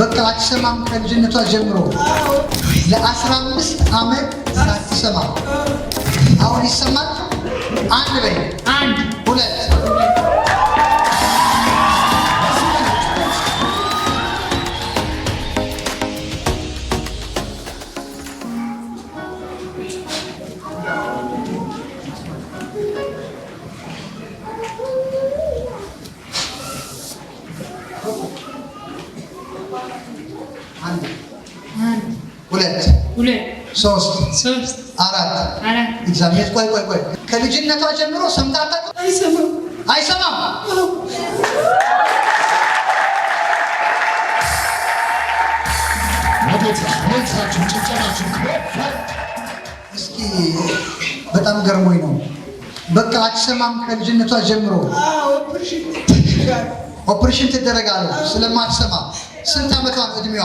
በቃ አትሰማም። ከልጅነቷ ጀምሮ ለአስራ አምስት ዓመት ሳትሰማ አሁን ይሰማል። አንድ በይ አንድ ሁለት ሁለት ሶስት አራት እግዚአብሔር ቆይ ቆይ ቆይ ከልጅነቷ ጀምሮ ሰምታ አታውቅም አይሰማም እስኪ በጣም ገርሞኝ ነው በቃ አትሰማም ከልጅነቷ ጀምሮ ኦፕሬሽን ትደረጋለሁ ስለማትሰማ ስንት ዓመቷን እድሜዋ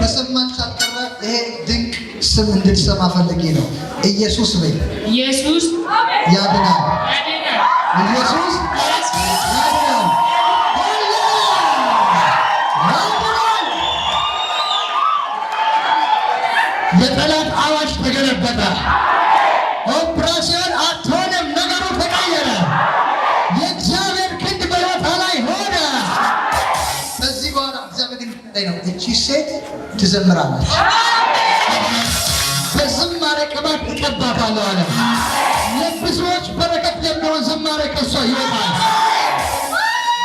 በሰማች ሳትቀረ ይሄ ድንቅ ስም እንድትሰማ ፈልጌ ነው። ኢየሱስ በይ። ኢየሱስ ያድናል። ኢየሱስ ያድናል። የጠላት አዋጅ ተገለበጠ። እቺ ሴት ትዘምራለች። በዝማሬ ቅባት እቀባታለሁ አለ። ለብዙዎች በረከት የሚሆን ዝማሬ ከሷ ይወጣል።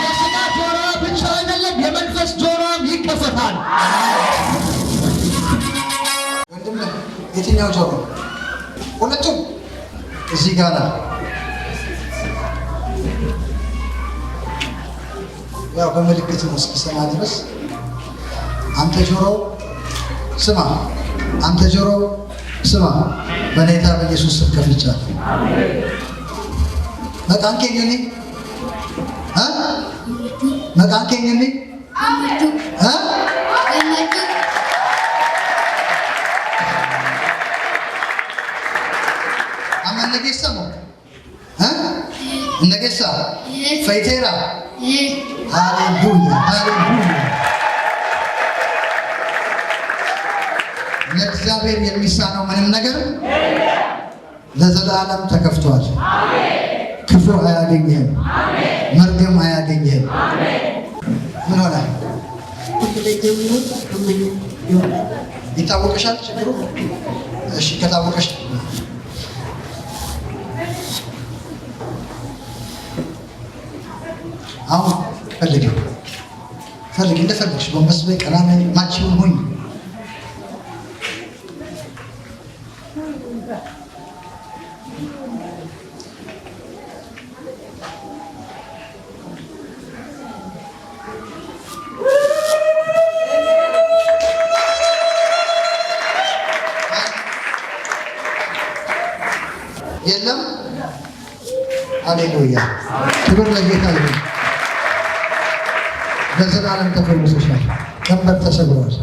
የስጋ ጆሮ ብቻ አይደለም፣ የመንፈስ ጆሮም ይከፈታል። ወንድም የትኛው ጆሮ? ሁለቱም እዚህ ጋር ያው በምልክት ነው እስኪሰማ ድረስ አንተ ጆሮ ስማ፣ አንተ ጆሮ ስማ፣ በኔታ በኢየሱስ ስም ከፍቻለሁ። መቃንኬኝኒ መቃንኬኝኒ አመነጌሰሞ እነጌሳ ፈይቴራ አሌሉ የሚሳነው ምንም ነገር ለዘላለም ተከፍቷል። ክፉ አያገኝህም፣ መርገም አያገኝህም። ምን ሆነ ይታወቀሻል ችግሩ። እሺ ከታወቀሽ አሁን ፈልጊው ፈልጊ፣ እንደፈለግሽ ጎንበስ በይ፣ ቀና ነይ፣ ማችሁን ሁኝ አሌሉያ ክብር ለጌታ ይሁን። ለዘላለም ተፈወሶች ናቸው። ቀንበር ተሰብረዋል።